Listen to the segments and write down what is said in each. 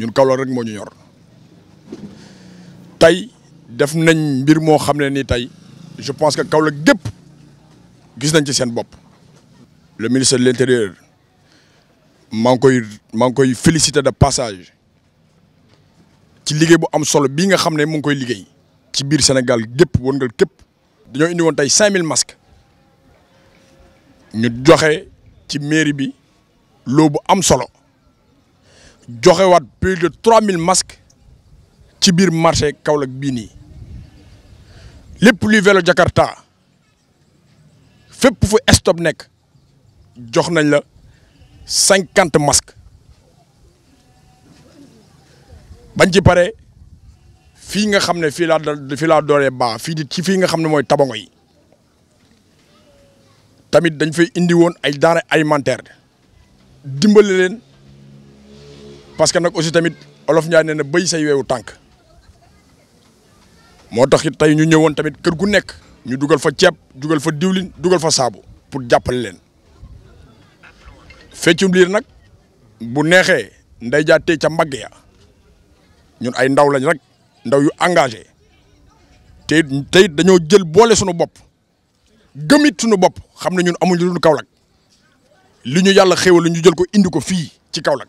ñun kawlo rek moo ñu ñor tay def nañ mbir mo xamné ni tay je pense que Kaolack gep gis nañ ci sen bop le ministre de l'intérieur mang koy maa koy féliciter de passage ci liggéey bu am solo bi nga xamné ne mu ngi koy liggéey. ci bir Sénégal gépp wërngal kep dañu indi won tay 5000 masques ñu joxé ci mairie bi lo bu am solo wat plus de 3000 masques ci le marché kaolak bi ni vélo Jakarta fep fu stop nek jox nañ la masques bañ ci pare nga xamné fi la fi la doré ba fi ci nga tamit dañ fay indi ay alimentaires parce que nak aussi tamit olof ñaan nee na say weewu tank mo tax it tey ñu ñëwoon tamit kër gu nekk ñu duggal fa ceeb duggal fa diwlin duggal fa sabu pour jappal leen feccum liir nak bu nexé nday jaa ca mbagg ya ñun ay ndaw lañ rek ndaw yu engagé té tey dañoo jël bolé suñu bop gëmit suñu bop xamna ñun amuñu lu kaw lak liñu yalla xéewal ñu jël ko indi ko fi ci lak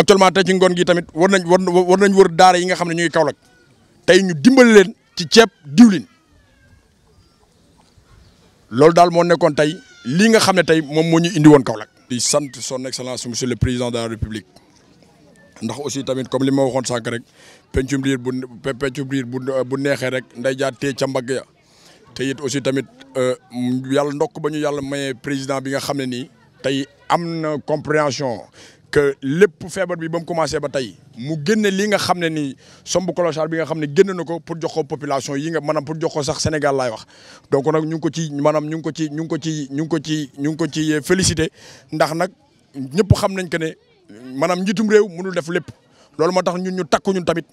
actuellement tey ci ngoon gi tamit war nañ war nañ wër daara yi nga xam ne ñuy Kaolack tey ñu dimbali leen ci ceeb diwlin loolu daal moo nekkoon tey lii nga xam ne tey moom moo ñu indi woon Kaolack. di sant son excellence monsieur le président de la république ndax aussi tamit comme li ma waxoon sànq rek pencum riir bu pencum riir bu bu neexee rek nday jaar tee ca mbagg ya te it aussi tamit euh, yàlla ndokk ba ñu yàlla maye président bi nga xam ne nii tey am na compréhension. que les bi mu li nga pour population pour donc on ñu ko ci ñu euh, félicité ndax que ne manam rew mënul def ñun ñu takku ñun tamit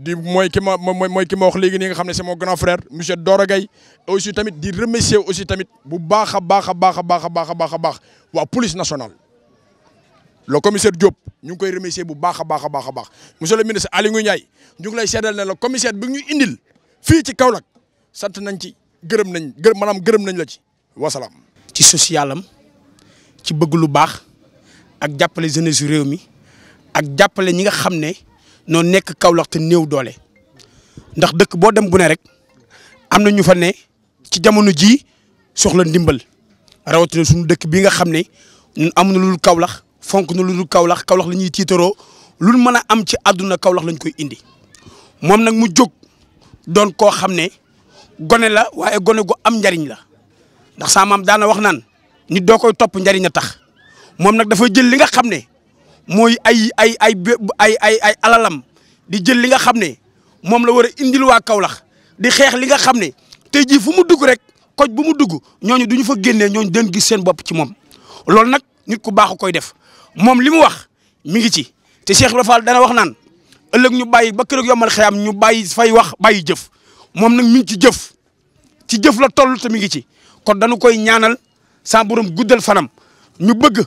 di mooy ki ma mooy ki ma wax léegi nii nga xam ne mon grand frère monsieur Doro aussi tamit di remercier aussi tamit bu baax a baax a baax a baax a baax police nationale. le commissaire Diop ñu ngi koy remercier bu baax a baax a monsieur le ministre Aly Ngouille Ndiaye ñu ngi lay seedal ne la commissaire bi ñu indil fii ci Kaolack sant nañ ci gërëm nañ gërëm maanaam gërëm nañ la ci wasalaam. ci socialam ci bëgg lu baax ak jàppale jeunesse réew mi ak jàppale ñi nga xam noo nekk Kaolack te néew doole ndax dëkk boo dem bu ne rek am na ñu fa ne ci jamono jii soxla ndimbal rawatina suñu dëkk bi nga xam ne am na lu dul Kaolack fonk na lu dul kawlax Kaolack la ñuy tiitaroo lu mën a am ci àdduna Kaolack lañu koy indi moom nag mu jóg doon koo xam ne gone la waaye gone gu am njariñ la ndax saa maam daana wax naan nit doo koy topp njariñ a tax moom nag dafa jël li nga xam ne mooy ay ay ay ay ay ay alalam di jël li nga xam ne moom la war a indil waa Kaolack di xeex li nga xam ne te jii fu mu dugg rek koj bu mu dugg ñooñu du ñu fa génnee ñooñu den gis seen bopp ci moom loolu nag nit ko baax koy def moom li mu wax mi ngi ci te Cheikh Ibrahima Fall dana wax naan ëllëg ñu bàyyi ba keroog yombal xëyam ñu bàyyi fay wax bàyyi jëf moom nag mi ngi ci jëf ci jëf la toll te mi ngi ci kon dañu koy ñaanal sa borom guddal fanam ñu bëgg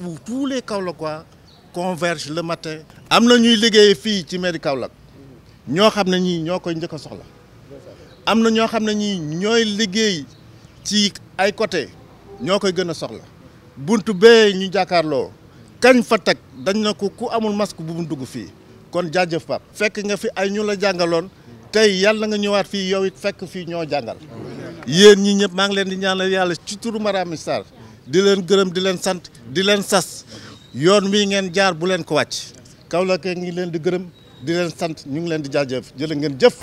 où tous les Kaolackois convergent le matin. am na ñuy liggéey fii ci mairie Kaolack ñoo xam ne ñii ñoo koy njëkk a soxla am na ñoo xam ne ñii ñooy liggéey ci ay côté ñoo koy gën a soxla bunt bee ñu jàkkaarloo kañ fa teg dañ na ko ku amul masque bu mu dugg fii kon jaajëf Pape fekk nga fi ay ñu la jàngaloon tey yàlla nga ñëwaat fii yow it fekk fii ñoo jàngal yéen ñi ñëpp maa ngi leen di ñaanal yàlla ci turu Mariama Sarr di leen gërëm di leen sant di leen sas yoon wi ngeen jaar bu leen ko wàcc Kaolack ngi ngi leen di gërëm di leen sant ñu ngi leen di jaajëf jële ngeen jëf.